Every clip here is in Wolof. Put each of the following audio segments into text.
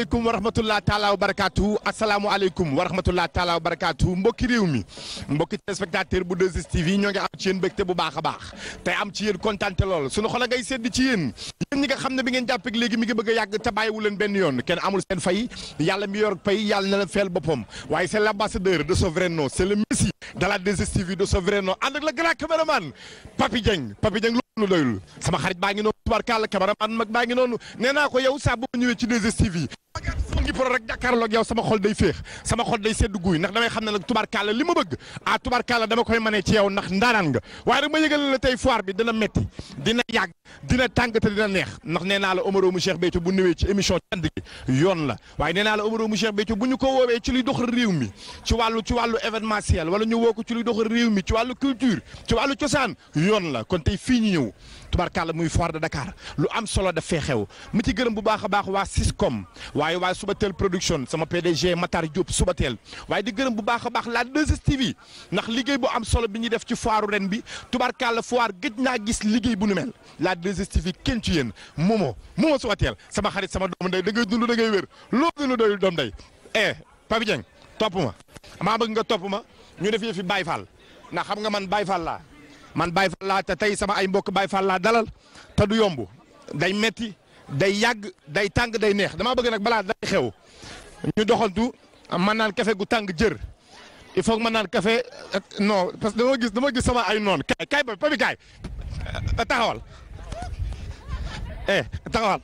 asalaamaaleykum wa rahmatulah taalaa wa barakaatu asalaamualeykum wa rahmatulah taalaa wa barakaatu mbokki réew mi mbokki téléspectateur bu 2STV ñoo ngi am ci yéen mbégte bu baax a baax tey am ci yéen kontaante lool sunu xol ngay sedd ci yéen yéen nga xam ne bi ngeen jàppeeg léegi mi ngi bëgg a yàgg te bàyyiwu leen benn yoon kenn amul seen fay yàlla mi yor pay yàlla na feel boppam waaye c'est l'ambassadeur de Sovrano c'est le la 2STV de Sovrano lu doyul sama xarit baa ngi noonu tubaarkàlla cameraman mag baa ngi noonu nee naa ko yow saa boo ñëwee ci 2STV yi Gouy Pro rek jàkkaarloog yow sama xol day féex sama xol day sedd guy ndax damay xam ne nag tubaarkàlla li ma bëgg ah tubaarkàlla dama koy mënee ci yow ndax ndaanaan nga waaye rek ma yëgal la tey foire bi dina metti dina yàgg dina tàng te dina neex ndax nee naa la Omaro mu Cheikh Béthio bu ñëwee ci émission cant gi yoon la waaye neenaa naa la Omaro mu Cheikh Béthio bu ñu ko woowee ci luy doxal réew mi ci wàllu ci wàllu événementiel wala ñu woo ko ci luy doxal réew mi ci wàllu culture ci wàllu cosaan yoon la kon tey fii ñu ñëw tubarkàlla muy foir de Dakar lu am solo daf fee xew mu ci gërëm bu baax a baax waa Siscom waaye waa teel production sama PDG Matar Diop Subatel waaye di gërëm bu baax a baax la 2STV ndax liggéey bu am solo bi ñuy def ci foiru ren bi tubarkàlla foire gëj naa gis liggéey bu nu mel la 2STV kenn ci yéen moomoo moomoo Subatel sama xarit sama doomu ndey da ngay dund da ngay wér loo dund doyul doom ndey eh Pape topp ma maa bëgg nga topp ma ñu def yëfi Baye ndax xam nga man Baye man Baye Fall laa te tey sama ay mbokk baay Fall laa dalal te du yomb day metti day yàgg day tàng day neex damaa bëgg nag balaa day xew ñu doxantu man naan kafe gu tàng jër il faut que man naan kafe non parce que dama gis dama gis sama ay noonu kaay kaay ba papi kaay taxawal eh taxawal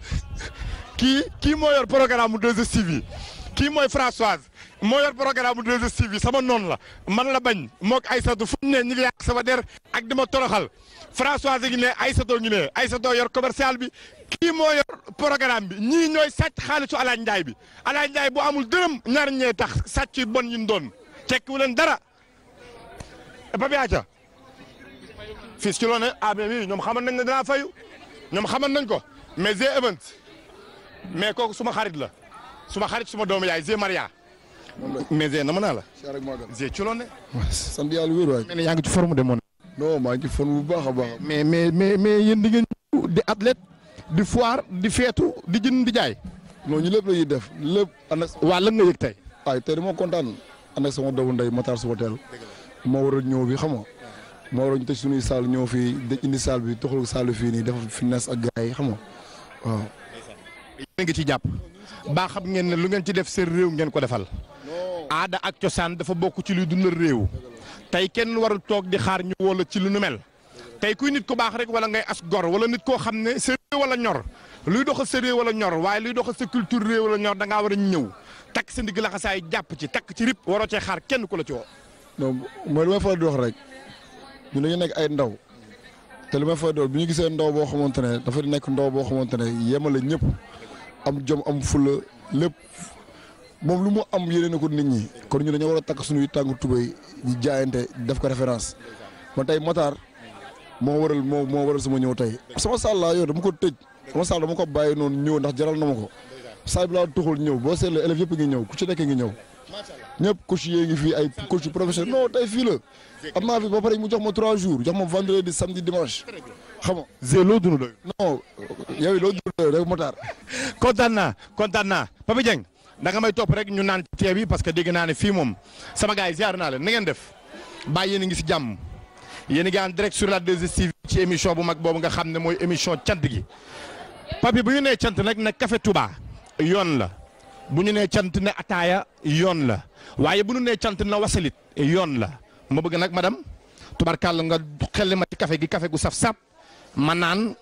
kii kii moo yor programme mu 2STV kii mooy Françoise moo yor programme de 2 bi sama noonu la man la bañ moog Aïssatou fu ñu ne ñu ngi yàq sama der ak di ma toroxal François ngi ne Aïssatou ñu ne Aïssatou yor commercial bi kii moo yor programme bi ñii ñooy sàcc xaalisu Alaaji Njaay bi Alaaji Njaay bu amul dërëm ñaar ñee tax sàcc yu bon ñu doon tekkiwu leen dara Pape Acha fii ci loo ne ah mais ñoom xaman nañ ne danaa fayu ñoom xaman nañ ko mais Zé Event mais kooku suma xarit la suma xarit suma doomu yaay Zé Maria mais Zé nama naa la. Zé ci loon ne. sant yàlla wér waay. mais yaa ngi ci forme de mon. non maa ngi ci forme a baax. mais mais mais mais yéen di ngeen di athlète di foire di feetu di jënd di jaay. non ñu lépp la ñuy def lépp. ànd ak waa lan nga yëg tey. waaye tey dama kontaan ànd ak sama doomu ndey Matar suba teel moo waral ñëw bi xam nga moo waral ñu tëj suñuy saal ñëw fii indi saal bi toxal saal fii nii dafa finance ak gars yi xam nga waaw. yéen a ngi ci jàpp baa xam ngeen ne lu ngeen ci def seen réew ngeen ko defal aada ak cosaan dafa bokk ci luy dundal réew tey kenn warul toog di xaar ñu wala ci lu nu mel tey kuy nit ku baax rek wala ngay as gor wala nit koo xam ne sa réew wala ñor luy doxal sa réew wala ñor waaye luy doxal sa culture wala ñor da ngaa war a ñëw takk sa ndigg laxasaay jàpp ci takk ci rip waroo xaar kenn ku la ci wo non mooy li ma fa di wax rek ñu dañu nekk ay ndaw te li ma fa di bi ñu gisee ndaw boo xamante ne dafa nekk ndaw boo xamante ne yemale ñëpp am jom am fula lépp. moom lu mu am yéene na ko nit ñi kon ñu dañoo war a takk suñuy tàngu tubéy di jaayante def ko référence man tay Matar moo waral moo moo waral suma ñëw tey sama saal laa yow dama ko tëj sama saal dama ko bàyyi noonu ñëw ndax jaral na ma ko saay bi laa tuxul ñëw boo seetlee élèves yëpp ngi ñëw ku ci nekk ngi ñëw ñëpp coach yee ngi fii ay coach professionnel non tey fii la am naa fi ba pare mu jox ma trois jours jox ma vendredi samedi dimanche xam nga. Zé loo dund doy. non yow loo dund doy rek Matar. kontaan naa kontaan naa Papa Dieng da may topp rek ñu naan ceeb yi parce que dégg naa ne fii moom sama gars yi ziar naa leen na def bàyyi yéen a ngi si jàmm yéen a ngi en direct sur la 2STV ci émission bu mag boobu nga xam ne mooy émission cant gi papi bu ñu nee cant nag ne café Touba yoon la bu ñu nee cant ne ataaya yoon la waaye bu ñu nee cant na wasalit yoon la ma bëgg nag madame tubarkàlla nga xel ma ci café gi kafe gu saf-saf ma naan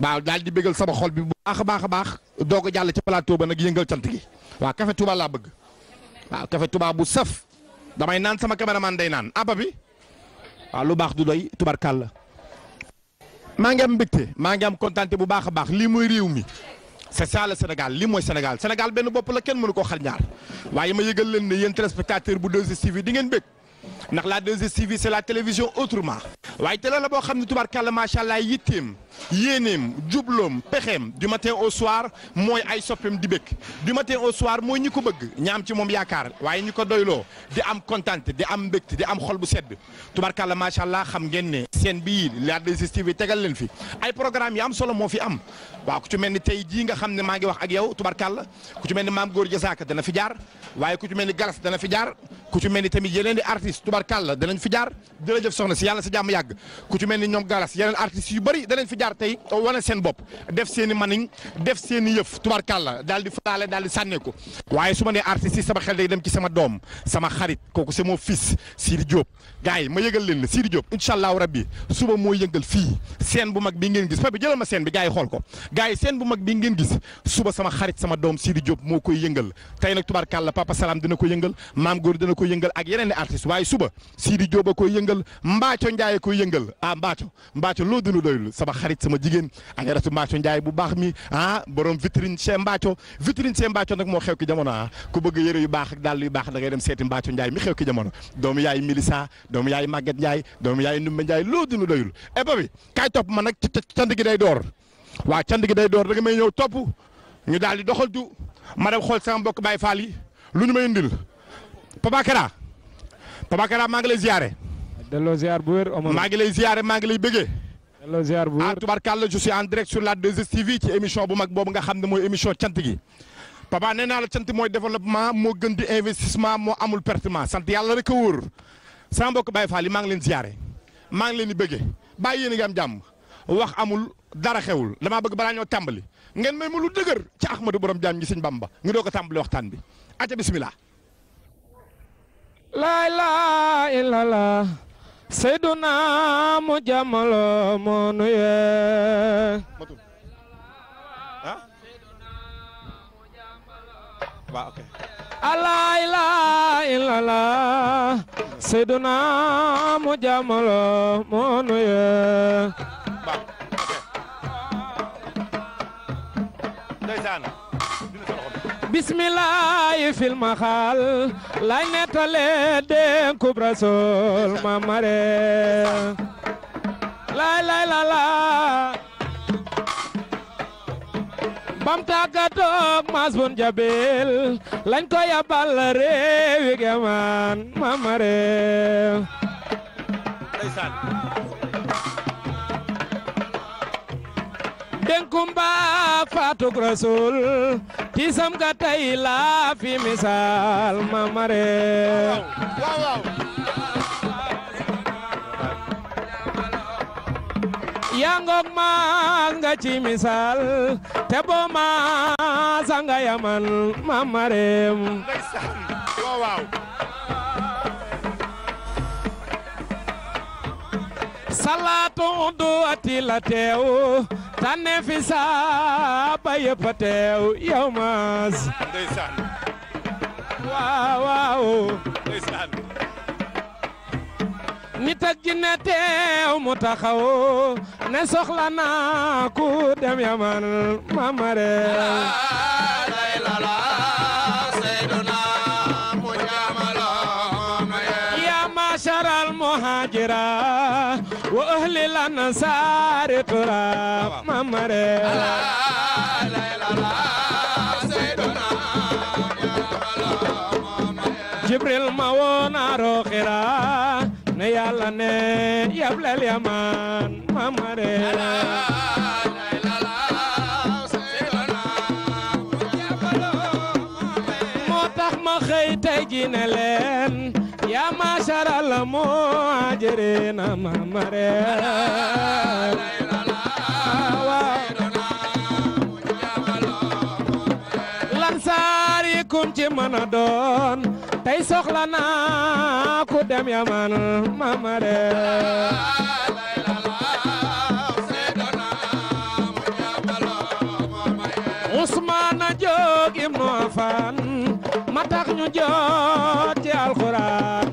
waaw daal di bégal sama xol bi bu a baax a baax doog a jàll ci plateau ba nag yëngal cant gi. waa café Touba laa bëgg waaw café Touba bu saf damay naan sama caméraman day naan abba ah, bi waaw lu baax du doy tubarkàlla maa ngi am mbégte maa ngi am kontaante bu baax a baax lii mooy réew mi c'est ça le Sénégal lii mooy Sénégal Sénégal benn bopp la kenn mënu ko xar ñaar waaye ma yëgal leen ne yéen téléspectateur bu 2STV di ngeen bég ndax la 2STV c'est la télévision autrement waaye télé la boo xam ne kàll macha allah yitteem yéeneem jubloom pexeem du matin au soir mooy ay soppeem di bëgg du matin au soir mooy ñi ko bëgg ña ci moom yaakaar waaye ñi ko doyloo di am kontaan di am mbégte di am xol bu sedd tubaarkàlla macha allah xam ngeen ne chaîne bii la 2STV tegal leen fi ay programme yi am fi am waaw ku ci mel ni tey jii nga xam ne maa ngi wax ak yow tubarkàlla ku ci mel ni maam góor jasaaka dana fi jaar waaye ku ci mel ni galas dana fi jaar ku ci mel ni tamit yeneen i artistes tubarkàlla danañ fi jaar jërëjëf soxna si yàlla sa jàmm yàgg ku ci mel ni ñoom galas yeneen artistes yu bëri danañ fi jaar tey wane seen bopp def seen i maniñ def seen i yëf tubarkàlla daal di falaale daal di sànnee ko waaye su ma nee artistes yi sama xel day dem ci sama doom sama xarit kooku c'est mon fils Sidi Diop gars yi ma yëgal leen la Sidi Diop suba moo yëngal fii seen bu mag bi ngeen gis papi jëlal ma seen bi gars yi xool ko gars yi seen bu mag bi ngeen gis suba sama xarit sama doom Sidi Diop moo koy yëngal tey nag tubaarkàlla papa salaam dina ko yëngal maam góor dina ko yëngal ak yeneen i artistes waaye suba Sidi Diop a koy yëngal Mbaaco Ndiaye koy yëngal ah Mbaaco Mbaaco loo dina doyul sama xarit sama jigéen ak ratu Mbaaco Ndiaye bu baax mi ah borom vitrine chez Mbaaco vitrine chez Mbaaco nag moo xew jamono ah ku bëgg yëre yu baax ak dàll yu baax dem seeti Mbaaco Ndiaye mi xew ki jamono doomu yaay Milisa doomu yaay Maguette Ndiaye doomu loo dund doyul et eh, bi topp ma nag ci cant gi day door waaw cant gi day door da nga may ñëw topp ñu daal di doxal ju ma dem xool sama mbokk Baye Fall yi lu ñu ma indil Papa Kara Papa maa ngi lay ziare. bu wér Omar maa ngi lay ziare maa ngi lay bëggee. delloo bu ah, wér ah tubarkàlla je en direct sur la 2STV ci émission bu mag boobu nga xam ne mooy émission cant gi. papa nee naa la cant mooy développement moo gën di investissement moo amul pertement sant yàlla rek a wóor sama mbokk Baye Fall yi maa ngi leen maa ngi leen di bëggee bàyyi yéen ngi am jàmm wax amul dara xewul damaa bëgg balaa tàmbali ngeen may mu lu dëgër ci Ahmadou borom jaam gi Sëñ Bamba ngi doo ko tàmbali waxtaan bi aca bismillah laa ilaaha illallaah sayduna mu jàmmalo moo nuyee ah la ilaha illallah sayyiduna mu jamalo mo nuye bismillahi fil maxal lay netale den kub rasul ma mare la la la la bam tàggatoog maas bun jabel lañ ko yabal réewi gemaan mama réew denkum baa faatuk rasul tiisam ga tay laa fi misaal mama réew yaa ngoog maas nga ci misaal te boo maas nga yamal ma mareem waaw salaatu du ati la fi saaba yëpp a teew maas ndeysaan waaw nit ak jinne teew mu taxaw ne soxla naa ku dem yaman ma mare المهاجرة وأهل الأنصار ترى ممر لا لا لا سيدنا جبريل مونا روخرا ne yàlla ne yablel yaman mamare moo tax ma xëy tey ji ne leen yaa masaral muhajirin mamare lansaar yi kum ci mën a doon tey soxla ku dem yaman mamare Usmaana Jóob ibnu Afaan ma tax ñu jot ci alxuraan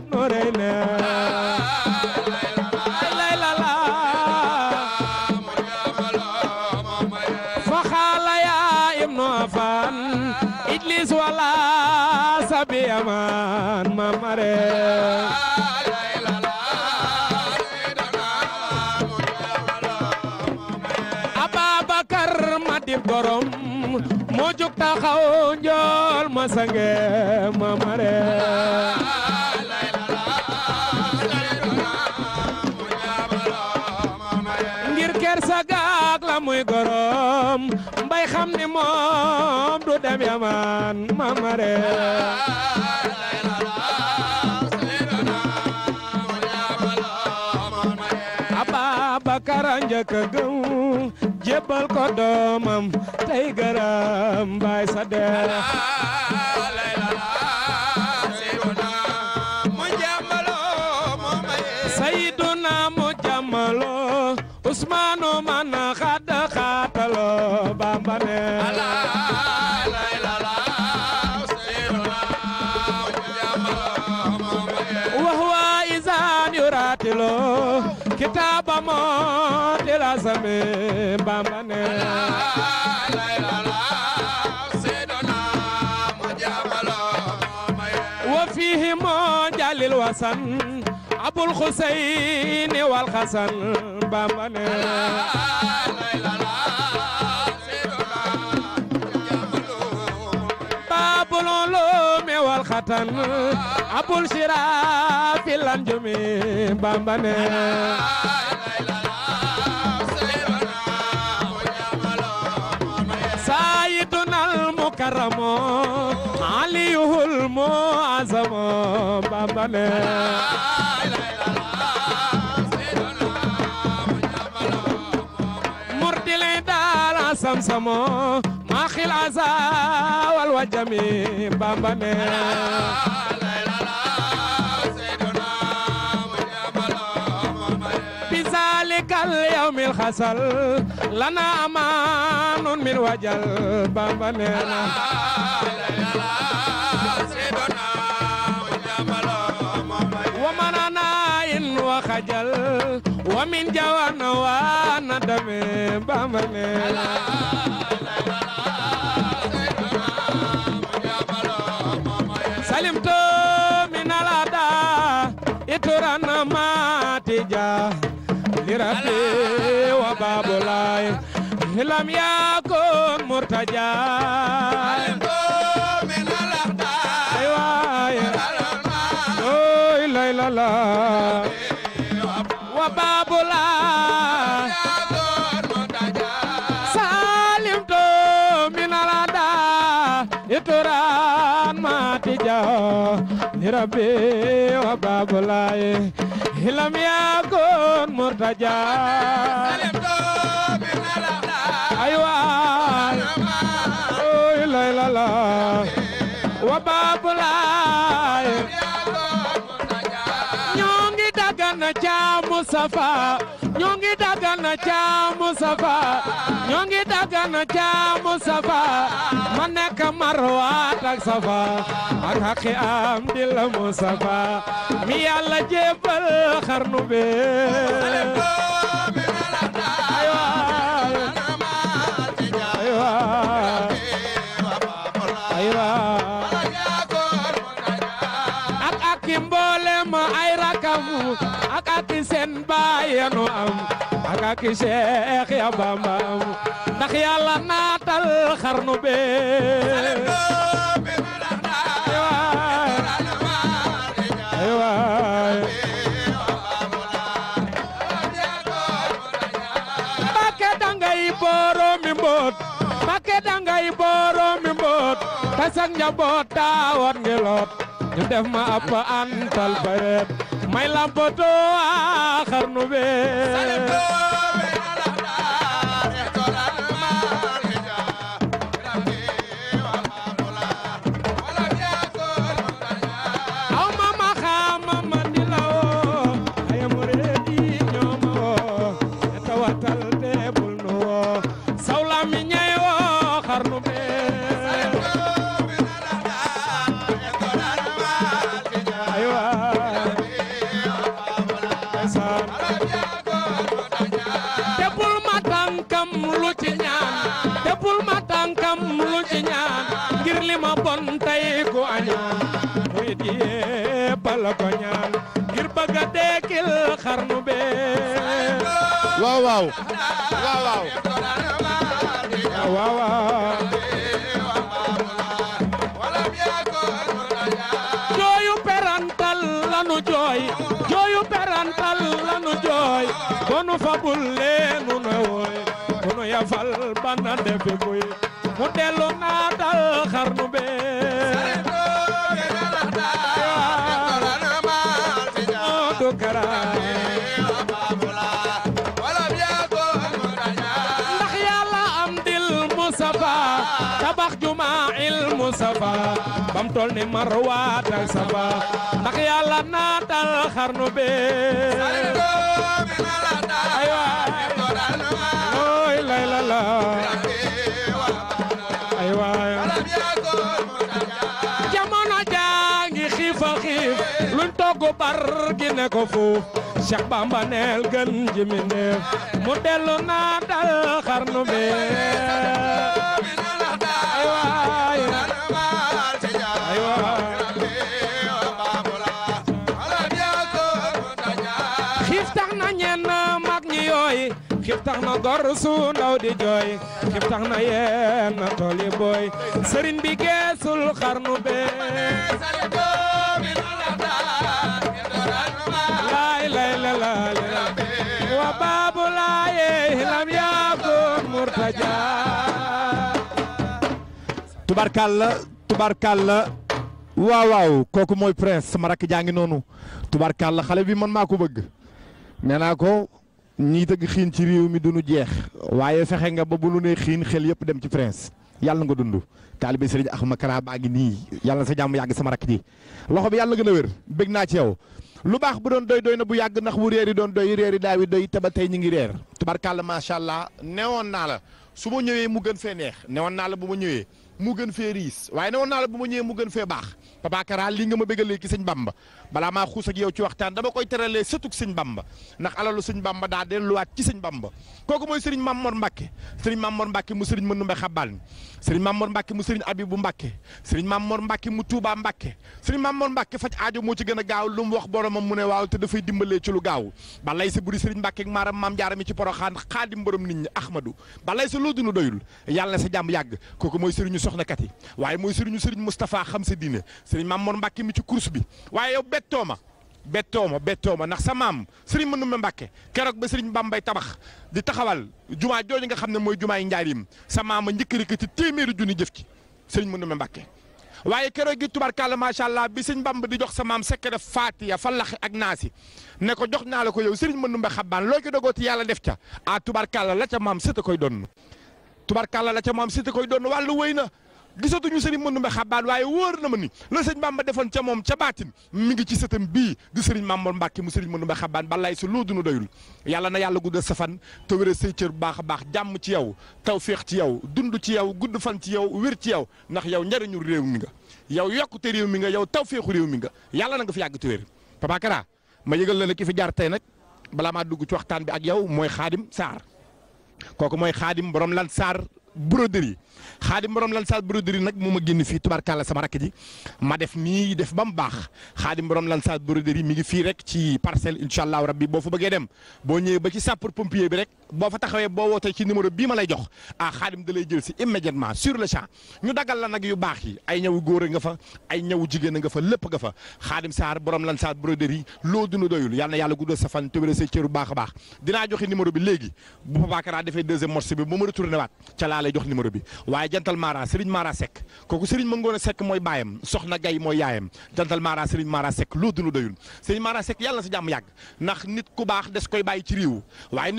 sange mamare ngir kersa gaak la muy gorom mbay xam ni moom du dem yaman mamare ababa karanja ka gëm jébbal ko doomam tey gërëm baay sa dee الحسن أبو الحسين والحسن بامبنا باب العلوم والختم أبو الشراف الأنجم بامبنا الكرم عليه المعظم بابنا مرتلي دار سمسم ماخي العزا والوجم بابنا اليوم الخسل لنا أمان من وجل بابا نينا ومنانا إن وخجل ومن جوان وندم بابا نينا Salim Touré islam yaa ko murtaja rabbi wa babulaye hilam ya gon murtaja waay waay ooy lay la wa baabu laay ñoo ngi dagana ca Mustafa ñoo ngi dagana ca Mustafa ñoo ma nekk marwa ak safa ak xaqi am di la Mustafa mi yàlla jébbal xarnu bee ak ak seen baay nu am ak ak Seex ya Bamba am ndax yàlla naatal xarnu bee te sag njaboot taawoon ngi loot ñu def ma ab antal bareet may lampoto a xarnu be waaw jooyu perantal lanu jooy jooyu fabul leenu na wooy bonu yafal bana defe koy mu dellu naata tol ni marwaatal safa ndax yàlla naatal xarnu be ay waay looy lay la la ay waay jamono jaangi xiifa xiif luñ togg bar gi ne ko fuuf Cheikh Bamba neel gën ji mi neef mu dellu naatal xarnu be tax na gor bi geesul xarnu la laay waaw kooku mooy prince sama rakk jaa ngi noonu tubarkalla xale bi man maa ko bëgg nee naa ko ñii tëgg xiin ci réew mi duñu jeex waaye fexe nga ba bu nu nee xiin xel yëpp dem ci prince yàlla nga dund taalibe sëriñ Axma Kara baa ngi nii yàlla sa jàmm yàgg sama rakk ji loxo bi yàlla gën a wér bég naa ci yow lu baax bu doon doy doy na bu yàgg ndax bu reer doon doy reer yi daaw yi doy te ba tey ñu ngi reer tubarkàlla macha allah newoon naa la su ma ñëwee mu gën fee neex newoon naa la bu ma ñëwee mu gën fee riis waaye ne woon naa la bu ma ñëwee mu gën fee baax Papa Kara lii nga ma bëgg léegi sañ Bamba balaa maa xuus ak yow ci waxtaan dama koy teralee sëtug sëñ Bamba ndax alalu sëñ Bamba daa delluwaat ci sëñ Bamba kooku mooy sëriñ Mamor Mbacke sëriñ Mamor Mbacke mu sëriñ Mënumbe Xabal mi sëriñ Mamor Mbacke mu sëriñ Abibu Mbacke sëriñ Mamor Mbacke mu Touba Mbacke sëriñ Mamor Mbacke faj aajo moo ci gën a gaaw lu mu wax boromam mu ne waaw te dafay dimbalee ci lu gaaw balay sa buri sëriñ Mbacke ak maaram maam jaarami ci poroxaan xaadim borom nit ñi Ahmadou balay sa loo dunu doyul yàlla na sa jàmm yàgg kooku mooy sëriñu soxna kat yi waaye mooy sëriñu sëriñ Moustapha xam sa diine sëriñ maam Mor Mbacke mi ci kurus bi waaye yow bettoo ma bettoo ma bettoo ma ndax sa maam sëriñ Manoumbe Mbacke keroog ba sëriñ Bambay tabax di taxawal jumaa jooju nga xam ne mooy jumaay njaarim sa maam a njëkk rek ci téeméeri junni jëf ci sëriñ Manoumbe Mbacke. waaye keroog gi tubarkàlla macha allah bi sëñ Bamba di jox sa maam secret Faatiya Falax ak Naasi ne ko jox naa la ko yow sëriñ Manoumbe Xabaan loo ci yàlla def ca ah tubarkàlla la ca maam sët a koy doon tubarkalla la ca moom si te koy doon wàllu wëy na gisatuñu sëriñ Mandumbe Xabaan waaye wóor na ma ni la sëñ Bamba ca moom ca baatin mi ngi ci sëtam bii di sëriñ Mamoor Mbàkke mu sëriñ Mandumbe Xabaan balay si loo dunu doyul yàlla na yàlla guddal sa fan te wéral say cër bu baax a baax jàmm ci yow tawféex ci yow dund ci yow gudd fan ci yow wér ci yow ndax yow njariñu réew mi nga yow yokkute réew mi nga yow tawféexu réew mi nga yàlla na nga fi yàgg te wér Papa Kara ma yëgal la ne ki fi jaar tey nag balaa maa dugg ci waxtaan bi ak yow mooy Xaadim Saar kooku mooy xaadim borom lan saar broderie xaadim borom lan saar broderie nag moo ma génn fii tubarkalla sama rakk ji ma def nii def ba mu baax xaadim borom lan saar broderie mi ngi fii rek ci parcelle incha allah bi boo fa bëggee dem boo ñëwee ba ci sapeur pompier bi rek. boo fa taxawee boo wootee ci numéro bii ma lay jox ah xaadim da lay jël si immédiatement sur le champ ñu dagal la nag yu baax yi ay ñawu góor nga fa ay ñawu jigéen nga fa lépp nga fa xaadim saar borom lan saar broderie loo dund doyul yal na yàlla guddal sa fan tëbëre sa cëru baax a baax dinaa joxe numéro bi léegi bu Babacar defee deuxième morceau bi ba ma retourné waat ca laa lay jox numéro bi waaye jantal Mara Serigne Mara Seck kooku Serigne Mangoone Seck mooy baayam soxna Gaye mooy yaayam jantal Mara Serigne Mara Seck loo dund doyul Serigne Mara Seck yàlla na sa jàmm yàgg ndax nit ku baax des koy bàyyi ci réew waaye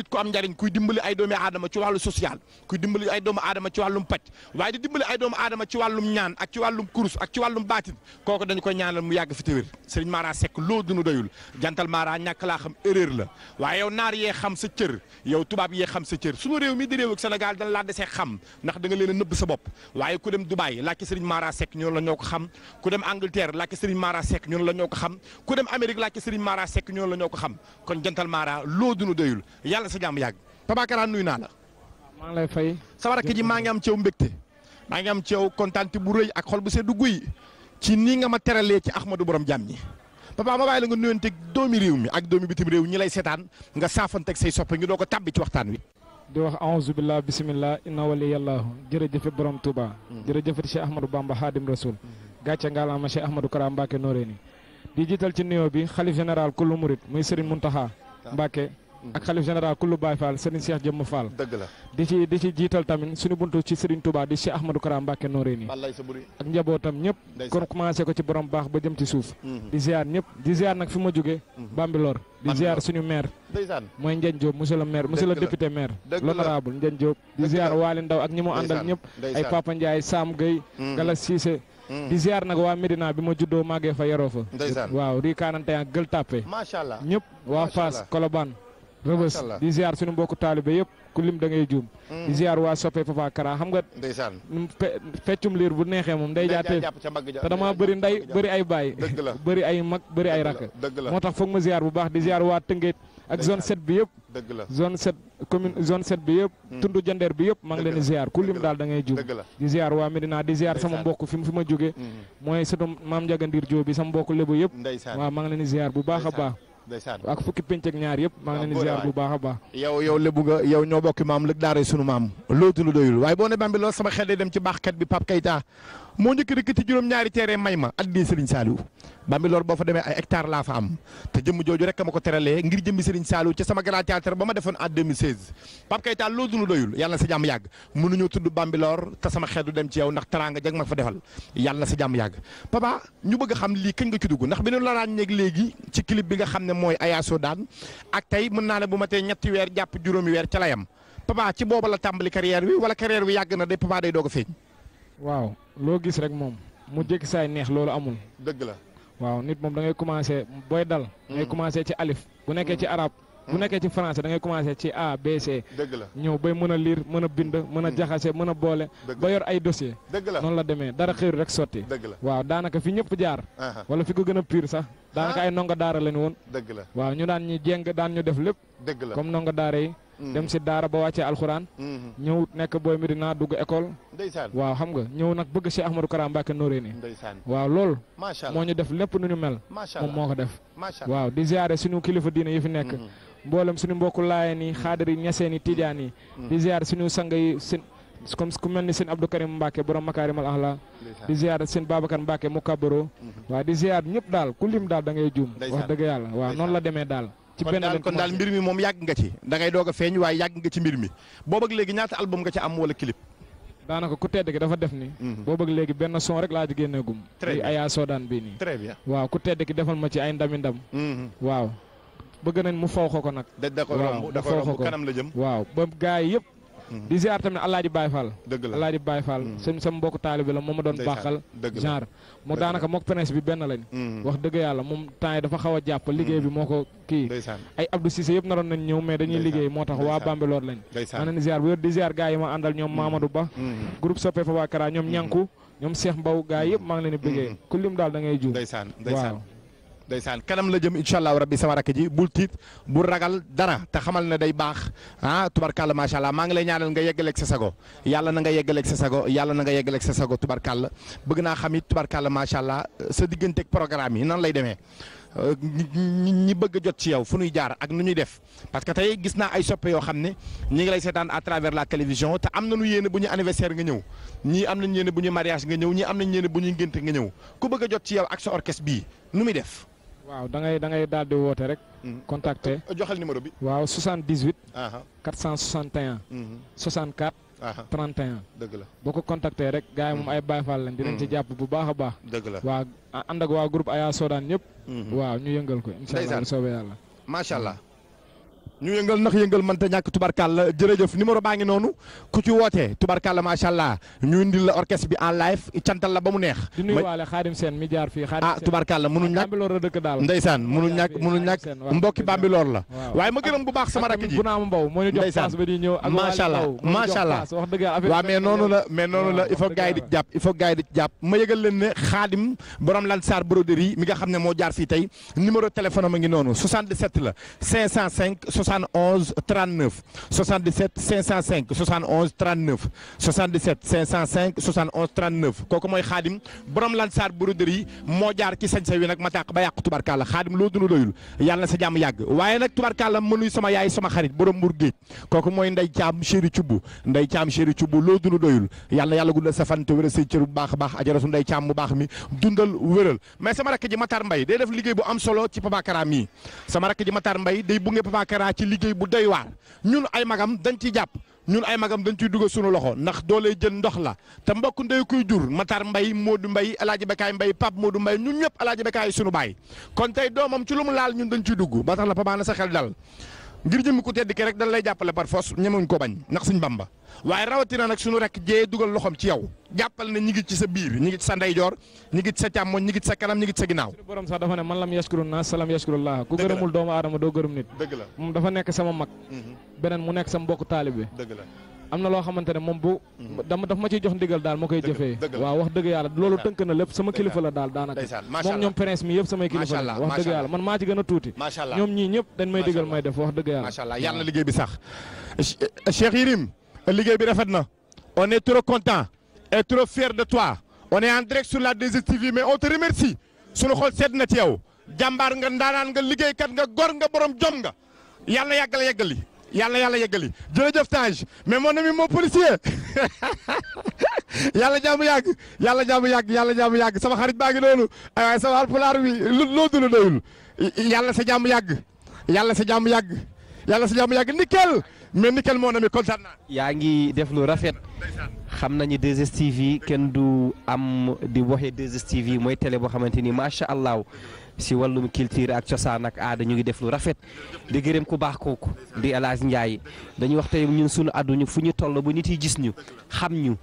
kuy dimbali ay doomi aadama ci wàllu social kuy dimbali ay doomu aadama ci wàllum paj waaye dimbali ay doomu aadama ci wàllum ñaan ak ci wàllum kurus ak ci wàllum baatin kooku dañu koy ñaanal mu yàgg fi téwér sëriñ Mara Seck loo dunu doyul jantal Mara ñàkk laa xam erreur la waaye naar yee xam sa cër yow tubaab yee xam sa cër suñu réew mi di réew ak Sénégal dañ laa desee xam ndax da nga leen nëbb sa bopp waaye ku dem Dubaï laajte sëriñ Mara Seck ñun la ñoo ko xam ku dem Angleterre laajte sëriñ Mara Seck ñun la ñoo ko xam ku dem Amérique laajte sëriñ Mara Seck ñun la ñoo ko xam kon jantal Mara loo dunu doyul yàlla sa jàmm yàgg Pabakara nuy naa la. maa ngi lay fay. sama rakk ji maa ngi am ceew mbégte maa ngi am ceew kontaante bu rëy ak xol bu seddu guy ci nii nga ma teralee ci Ahmadou borom jàmm ñi papa ma bàyyi la nga nuyonteeg doomi réew mi ak doomi bitim réew ñi lay seetaan nga saafanteeg say soppe ñu doo ko tàbbi ci waxtaan wi. di wax aouzu billah bisimilah inna waliyallahu jërëjëfe borom Touba. Mm. jërëjëfati Cheikh Ahmadou Bamba Xaadim Rasul. gàcce ngalaama Cheikh Ahmadou Kara Mbacke Noreyni di jiital ci nuyoo bi xalif général kullu murit muy Serigne Mountakha ak xalif général kullu Baye Fall Serigne Cheikh Jëmm Fall. dëgg la di ci di ci jiital tamit suñu buntu ci Serigne Touba di Cheikh Ahmadou Kara Mbacke Noreyni ak njabootam ñëpp kon commencé ko ci borom baax ba jëm ci suuf mhm. di ziar ñëpp di ziar nag fi ma jóge mhm. Bambilor di ziar suñu maire mooy Ndiagne Diop monsieur le maire monsieur le député maire l'honorable Ndiagne Diop di ziar Waly Ndaw ak ñi àndal ñëpp ay Papa Ndiaye Sam Gueye mhm. Gala di ziar nag waa Medina bi ma juddoo màggee fa yaroo fa waaw rii kaanante ak Gueule Tapée macha allah ñëpp waa Fass rëbës di ziar suñu mbokku taalibe yëpp ku lim da ngay juum mm-hmm. di ziar waa soppe Papa Kara xam nga ndeysaan feccum liir bu neexee moom day jaatee te damaa bëri nday bëri ay baay bëri ay mag bëri ay rakk moo tax foog ma ziar bu baax di ziar waa Tëngéej ak zone 7 bi yëpp dëgg la zone 7 commune zone 7 bi yëpp mm. tund jandeer bi yëpp maa ngi leen di ziar ku lim daal da ngay juum di ziar waa Medina di ziar sama mbokk fi fi ma jógee mm-hmm. mooy sëtu maam Njagandir yëpp waaw maa ngi leen di ziar bu a baax ndeysaan ak fukki pénc ak ñaar yëpp maa ngi leen di ziar bu baax a baax yow yow lébu nga yow ñoo bokki maam lëg daara sunu maam lootu lu doyul waaye boo ne bambi loolu sama xel day dem ci baaxkat bi Pape Keita moo njëkk rek ci juróom-ñaari teere may ma addina Serigne Saliou Bambilor boo fa demee ay hectare laa fa am te jëmm jooju rek ma ko teralee ngir jëmmi Serigne Saliou ci sama grand théâtre ba ma defoon en 2016. Pape Keita loo dund doyul yàlla na sa jàmm tudd Bambilor te sama xeet du dem ci yow ndax teraanga jag ma fa defal yàlla sa jàmm yàgg papa ñu bëgg xam lii kañ nga ci dugg ndax bi ñu la ràññee léegi ci clip bi nga xam ne mooy Ayaso daan ak tey mën naa ne bu ma tee ñetti weer jàpp juróomi weer ca layam papa ci booba la tàmbali carrière bi wala carrière bi yàgg na de papa day doog a feeñ loo gis rek moom mu hmm. jékki saay neex loolu amul. dëgg la waaw nit moom da ngay commencé booy dal. da ngay hmm. commencé ci alif bu nekkee ci hmm. arab. bu nekkee ci français da ngay commencé ci A B C. dëgg la ñëw bay mën a liir mën a bind. mën a jaxase mën a boole. ba yor ay dossier dëgg la noonu la demee dara xëyru rek sotti. dëgg la waaw daanaka fi ñëpp jaar. wala fi ko gën a pire sax. daanaka ah. ay ndongo daara lañu woon. dëgg la waaw ñu daan ñu jéng daan ñu def lépp. dëgg la comme ndongo daara yi. dem si daara ba wàccee alxuraan. Mhm. ñëw nekk booy naa dugg école. ndeysaan waaw xam nga ñëw nag bëgg Cheikh Ahmadou Kara Mbacké Noreyni. ndeysaan waaw lool macha allah moo ñu def lépp nu ñu mel. macha allah moo ko def. macha allah waaw di ziare suñu kilifa diina yi fi nekk. Mhm. mboolem suñu mbokku laayeen yi mhm. xaadir yi ñeseen yi tijaan yi. di ziare suñu sang yi seen comme ku mel ni seen Abdou Karim Mbacké borom makaarimal axla di ziar seen Babacar Mbacké mu kabaro. waa di ziar ñëpp daal ku lim daal da ngay juum. wax dëgg yàlla waaw noonu la demee daal ci benn kon daal mbir mi moom yàgg nga ci da ngay doog a feeñ waaye yàgg nga ci mbir mi boobu ak léegi ñaata album nga ci am wala clip. daanaka ku tedd ki dafa def ni mhm. boobu ak léegi benn son rek laa ci génneegum. très bien ayaa soodaan bii nii. très bien waaw ku tedd ki defal ma ci ay ndami ndam. Mhm. waaw bëgg nañ mu faw ko ko nag. da da ko romb da ko la jëm waaw ba gaay yëpp Mhm. di ziar tamit Alaaji Baye Fall dëgg la Alaaji Baye mhm. sam mbokk taalibe la moom ma doon baaxal genre moo daanaka mook prince bi benn lañ mhm. wax dëgg yàlla moom temps dafa xaw a jàpp liggéey bi moo ko kii ay Abdou Cissé yëpp naroon nañ ñëw mais dañuy liggéey moo tax waa Bambilor lañ ma leen ziar bu yor di ziar gars yi ma àndal ñoom Mamadou Ba groupe soppe fa ñoom ñànku ñoom Cheikh Mbaw gars yëpp maa leen bëggee ku daal da ngay juum ndeysaan kenam la jëm incha allahu rabbi sama rakk ji bul tiit bul ragal dara te xamal na day baax ah tubarkàlla macha allah maa ngi lay ñaanal nga yeggaleeg sa sago yàlla na nga yeggaleeg sa sago yàlla na nga yeggaleeg sa sago tubarkàlla bëgg naa xam it tubarkàlla macha allah sa digganteeg programme yi nan lay demee. ñi bëgg jot ci yow fu ñuy jaar ak nu ñuy def parce que tey gis naa ay soppe yoo xam ne ñi ngi lay seetaan à la télévision te am nañu yéene bu ñu anniversaire nga ñëw ñii am nañu bu ñu mariage nga ñëw ñii am nañu yéene bu ñu ngénte nga ñëw ku bëgg jot ci yow ak sa orchestre bii nu muy def. waaw da ngay da ngay daal di woote rek. Mm-hmm. contacter uh, joxal numéro bi. waaw 78. 461. 64. 31. dëgg la boo ko contacter rek gars yi moom ay Baye Fall lañ. dinañ ci mm-hmm. jàpp bu baax a baax. dëgg la waa ànd ak waa groupe Aya Sodaan ñëpp. Mm-hmm. waaw ñu yëngal ko. incha allah soobee yàlla. macha allah. ñu yëngal nax yëngal mën ta ñàkk tubarkalla jërëjëf numéro baa ngi noonu ku ci wootee tubarkalla macha allah ñu indil la orchestre bi en live cantal la ba mu neex. di nuyu waale xaadim seen mi jaar fii. ah tubarkalla la dëkk daal. ndeysaan mënuñ ñàkk mënuñ ñàkk mbokki Bambilor la. waaye ma gërëm bu baax sama rakk ji ndeysaan allah macha allah waaw mais noonu la mais noonu la il faut gars jàpp il faut gars jàpp ma yëgal leen ne xaadim borom Lansar broderie mi 71 39 77 505 71 39 77 505 71 39 kooku mooy xaadim borom Lansar broderie moo jaar ci sañ-sañ wi nag ma tàq ba yàq tubarkalla xaadim loo dunu doyul yàlla sa jàmm yàgg waaye nag tubarkalla mënuy sama yaay sama xarit borom mbur kooku mooy nday caam chéri cubb nday caam chéri cubb loo dunu doyul yàlla yàlla guddal sa fan te wéral say cër bu baax a ci liggéey bu doy waar ñun ay magam dañ ciy jàpp ñun ay magam dañ ciy dugal suñu loxo ndax doo jën ndox la te mbokk ndey kuy jur Matar Mbay moo Modou Mbay Alaaji Bekaay Mbay moo Modou Mbay ñun ñëpp Alaaji Bekaay suñu baay kon tey doomam ci lu mu laal ñun dañ ciy dugg ba tax la pamaana sa xel dal ngir jëmm ku tedd ki rek dañ lay jàppale par force ñemewuñ ko bañ ndax suñ bamba waaye rawatina nag suñu rek jee dugal loxoom ci yow jàppal na ñi ngi ci sa biir ñi ngi sa ndeyjoor ñi ngi ci sa càmmoñ ñi ngi ci sa kanam ñi ngi ci sa ginnaaw borom sax dafa ne man lam yaskuru naas salam yaskurullah ku gërëmul doomu aadama doo gërëm nit dëgg la moom dafa nekk sama mag mhm. beneen mu nekk sama mbokk taalibe dëgg la am na loo xamante ne moom bu mhm. dama daf ma ciy jox ndigal daal ma koy jëfee waaw wax dëgg yàlla loolu tënk na lépp sama kilifa la daal daanaka moom ñoom prince mi yëpp samay kilifa la wax dëgg yàlla man maa ci gën a tuuti ñoom ñii ñëpp dañ may digal may def wax dëgg yàlla na liggéey bi sax Cheikh Yérim liggéey bi rafet na on est trop content et trop fier de troit on est en direct sur la 2STV mais on te remercie sunu xol seet na ci yow jàmbaar nga ndaanaan nga liggéeykat nga gor nga borom jom nga yàlla yàggal yàggali yàlla yàlla yeggali jërëjëf Tange mais mon ami mon policier yàlla jàmm yàgg yàlla jàmm yàgg yàlla jàmm yàgg sama xarit baa ngi noonu ay eh, waaye sama alpulaar bi lu loo dund doyul yàlla sa jàmb yàgg yàlla sa jàmm yàgg yàlla sa jàmm yàgg nickel mais nickel mon ami kontaan naa. yaa ngi def lu rafet xam nañu 2STV kenn du am di waxee 2STV mooy tele boo xamante ni macha allah. si wàllum culture ak cosaan ak aada ñu ngi def lu rafet di gërëm ku baax kooku di El Hadj dañu dañuy wax tey ñun suñu àdduñu fu ñu toll bu nit yi gis ñu xam ñu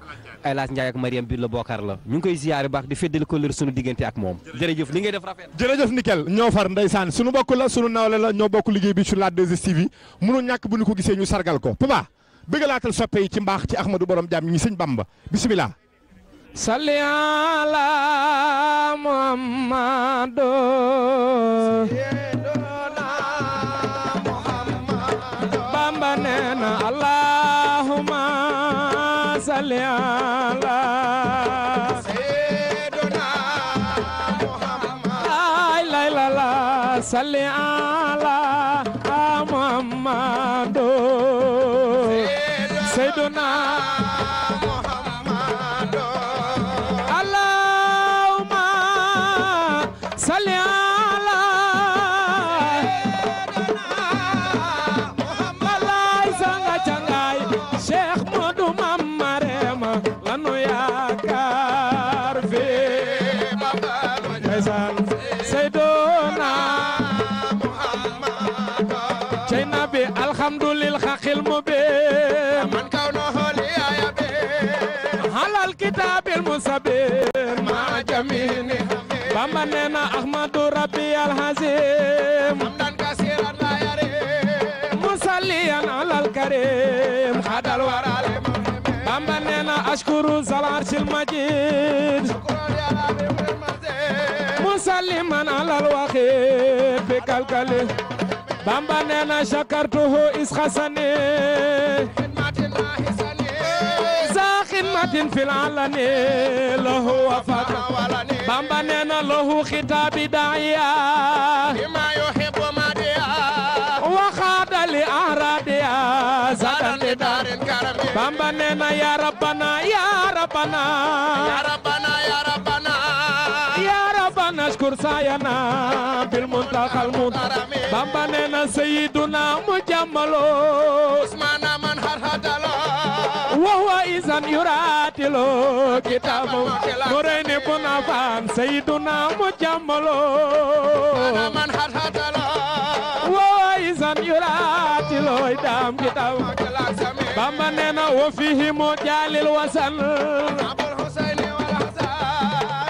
El Hadj Ndiaye ak Mariam bi la Bokar la ñu ngi koy ziyaare baax di feddali ko leer suñu diggante ak moom jërëjëf li ngay def rafet jërëjëf Nikel ñoo far ndeysaan suñu bokk la suñu nawle la ñoo bokk liggéey bi su la 2STV ñàkk bu ñu ko gisee ñu sargal ko Papa bëggalaatal soppe yi ci mbaax ci Ahmadou Borom Jaam ñi sëñ Bamba bismillah salli ala muhammadu أشكر ذا العرش المجيد شكرا يا ربي من المزيد مسلما على الوخيد بكالكلي بامبا نانا شكرته إس حسني خدمة الله سني ذا خدمة في العلن له وفاق بامبا نانا له خطاب داعية بما يحب Bamba nee na ya Rabbana ya Rabbana ya Rabbana ya Rabbana ya Rabbana ashkur sayana bil muntakhal mutarami Bamba nee na sayyiduna mujammalo Usmana man harhadalo wa huwa izan yuratilo kitabu nurayni bunafan sayyiduna mujammalo Usmana man harhadalo looy daam ki taw bamba wa fihi jaalil wasan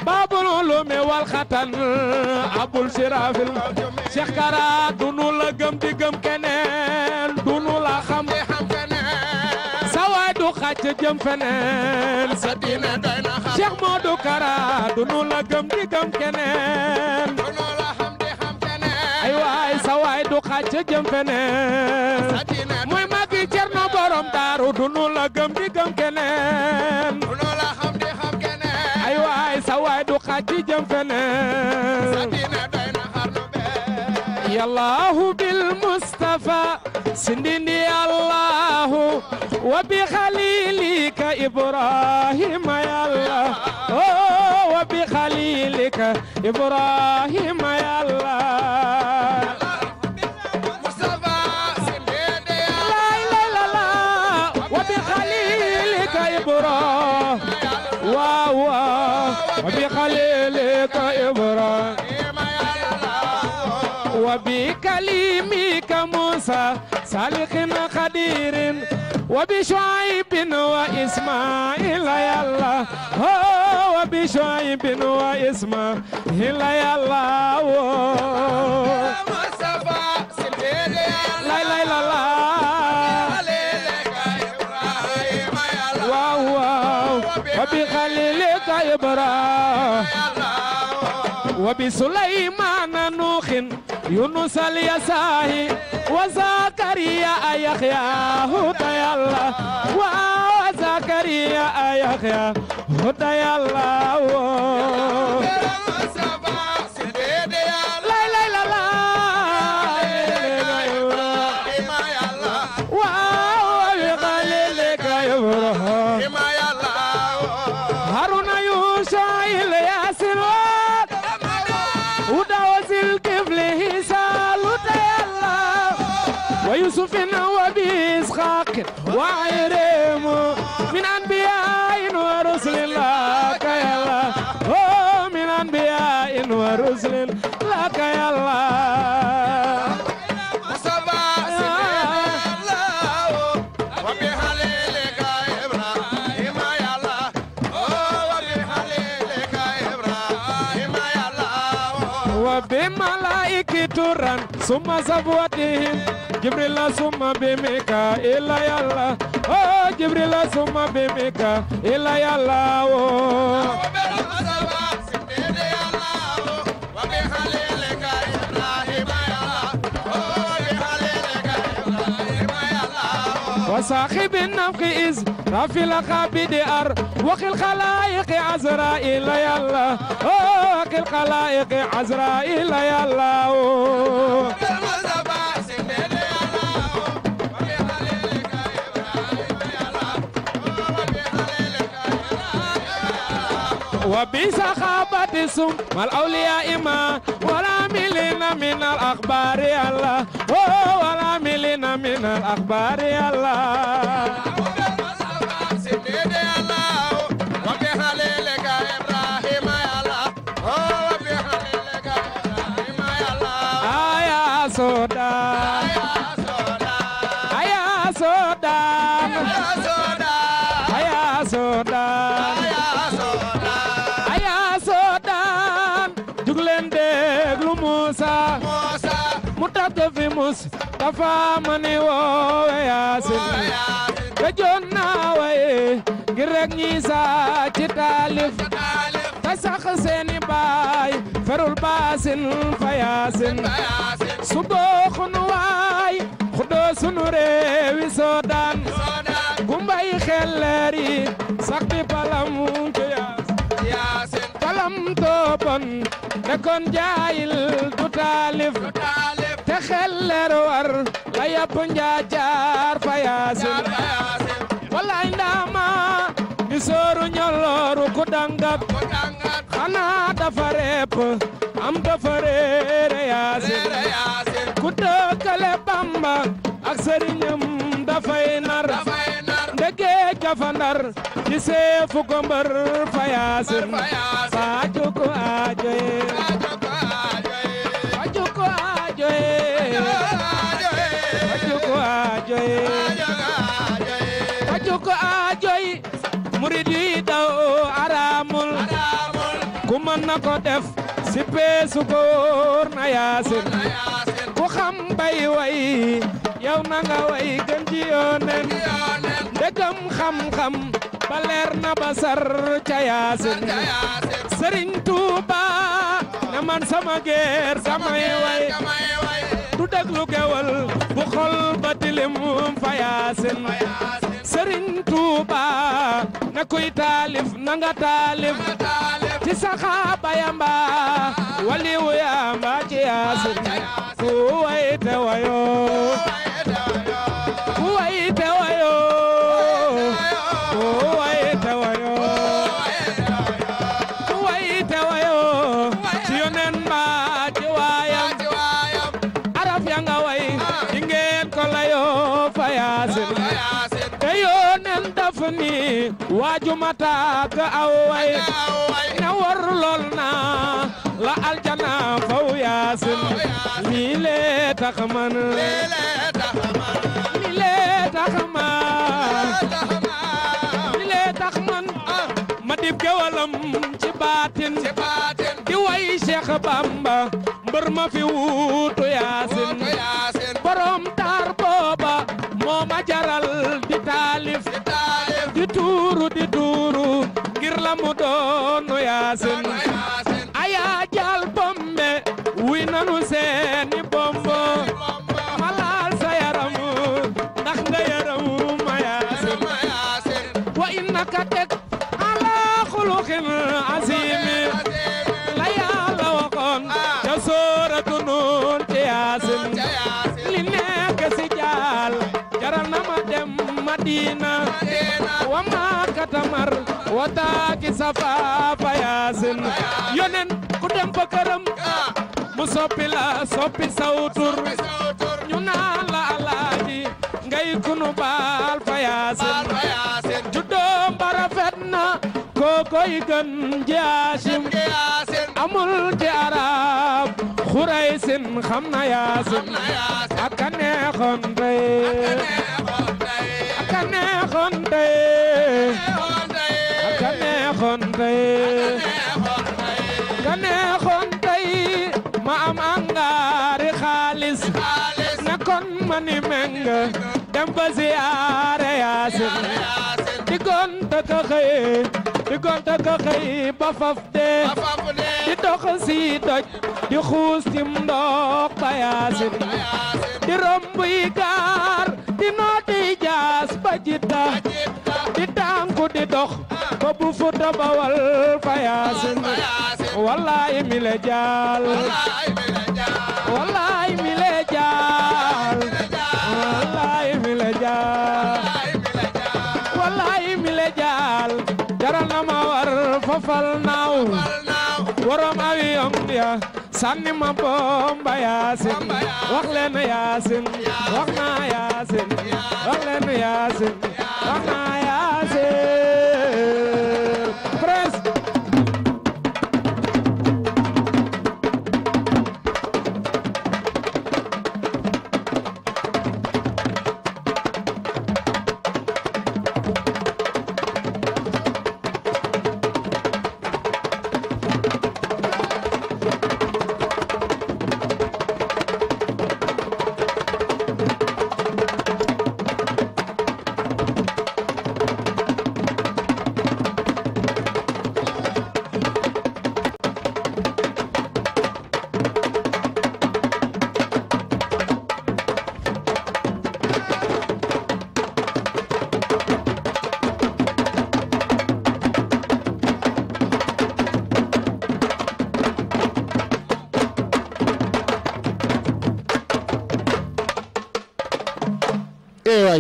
baabul ulumi wal xatan abul sirafil Cheikh Kara dunu la gëm di gëm keneen dunu la xam sa waay du xàcc jëm feneen sa diine na xam di gëm keneen xaaj ca jëm feneen muy màgg cerno borom daaru dunu la gëm di la xam di xam keneen ay waay sa waay du xaaj ci jëm feneen sa diine doy na xar nu bee yallaahu bil mustafa sindindi allahu wa bi xalilika ibrahima yalla oh, wa bi عبرة واو وبخليلك عبرة وبكليمك موسى صالح قدير وبشعيب وإسماعيل يا الله وبشعيب وإسماعيل يا الله لا لا لا لا الورى وبسليمان نوح يونس اليساهي وزكريا يحيى هدى الله وزكريا يحيى هدى الله بكر وعيرهم من أنبياء ورسل الله كيلا من أنبياء ورسل الله كيلا وبملائكة رن ثم زبوتهم Jibrila summa be meka ila yalla oh Jibrila summa be meka ila yalla oh وصاحب النفخ إذ رافي لقب دار وقي الخلائق عزرائيل يلا وقي الخلائق عزرائيل يلا وبصحابة ثم الأولياء ما ولا ملنا من الأخبار الله ولا ملنا من الأخبار الله Mustafa ma ne woowe Yaasin gëjoon naa waye ngir rek ci taalif te sax seeni baay ferul baasin fa Yaasin su booxun waay xudoo sunu Soodaan gumbay xelleer yi sax bi palam ci Yaasin palam tooban nekkoon jaayil du taalif xelleer war la yàpp njaajaar fa yaasin wallaay ndaama di sooru ñolooru ku dangat xanaa dafa reep am dafa reere yaasin ku dëkkale bamba ak sëriñam dafay nar ndegee jafandar ci seefu ko mbër fa yaasin saaju ko aajoye fajuko aajo yi fajuko aajo yi murid yi daw araamul ku mën na ko def si peesu ko wóor na yaasin ku xam bay way yow na way gën ji yoonen xam-xam ba leer na ba sar ca yaasin Sëriñ Tuuba na man sama geer samay way déglu gewal bu xol ba tilim fa yaasin Sëriñ Tuuba na kuy taalif na taalif ci saxaaba yamba waliwu yamba ci yaasin ku wayte wayo man daf ni waajuma taak aw way na war lool na la aljana faw yaasin mi le tax man mi le tax man mi le tax man ah. ma dib gewalam ci baatin di way Cheikh Bamba mbër ma fi wuutu yaasin borom wataaki safaafa yaasin yonen ku dem fa mu soppi la soppi sawtur ñu naan la alaaji ngay kunu baal fa yaasin juddoom ba rafet na kookoy gën ji yaasim amul ji arab xuraysin xam na yaasin aka neexoon dey aka neexoon dey tey nga ma am angaari xaalis na kon ma ni meng dem ziyaare yaasin di gonta ka xëy di gonta ka xëy ba faf dee di dox si doj di xuus ci ndox ba yaasin di romb yi gaar di nooti jaas ba jitta di tànku di dox yóbbu Fuuta Bawal fayaasin wallaay mi le jaal wallaay mi le jaal wallaay mi le jaal wallaay mi le jaal jaral na ma war fafal naaw waroom awiyoom ya sànni ma bomba yaasin wax leen yaasin wax naa yaasin wax leen yaasin wax naa yaasin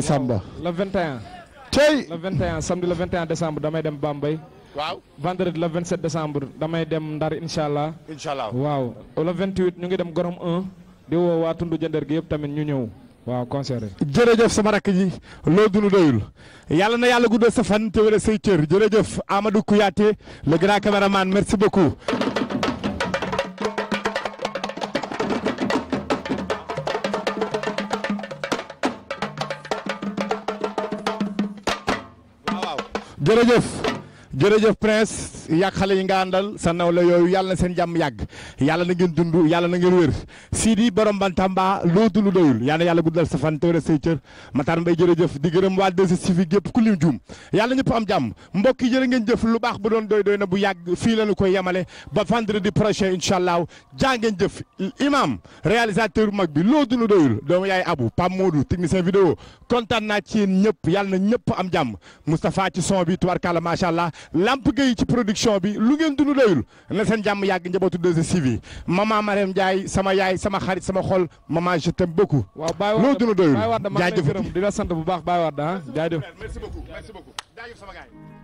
Baye Samba. le 21. tey le 21 samedi le 21 décembre damay dem Bambey. waaw vendredi le 27 décembre damay dem Ndar incha allah. incha allah waaw le ñu ngi dem Gorom 1 di woo waa Tundu Jëndër gi yëpp tamit ñu ñëw. waaw concert jërëjëf sama rakk ji loo dunu doyul yàlla na yàlla guddal sa fan te wala say cër jërëjëf Amadou Kouyaté le grand caméraman merci beaucoup jërëjëf jërëjëf Prince yàgg xale yi nga àndal sa naw la yooyu yàlla na seen jàmm yàgg yàlla na ngeen dund yàlla na ngeen wér Sidi borom Bantamba loo dund doyul yàlla sa fan tawra di gërëm waa 2STV gépp ku lim juum yàlla ñëpp am jàmm mbokk yi jërë ngeen jëf lu baax bu doon doy doy na bu yàgg fii la ñu koy yemale ba vendredi prochain incha allah jaa ngeen jëf imam réalisateur mag bi loo dund doyul doomu yaay Abu Pam Modou technicien vidéo kontaan naa ci ñëpp yàlla na ñëpp am jàmm Moustapha ci son bi tubarkàlla macha allah lamp gay ci produit conviction bi lu ngeen dund doyul na seen jàmm yàgg njabootu 2STV yi maman Marème Ndiaye sama yaay sama xarit sama xol maman je t'aime beaucoup. waaw Baye Wade loo dund doyul di la sant bu baax Baye Wade ah jaajëf merci beaucoup merci beaucoup jaajëf sama gars yi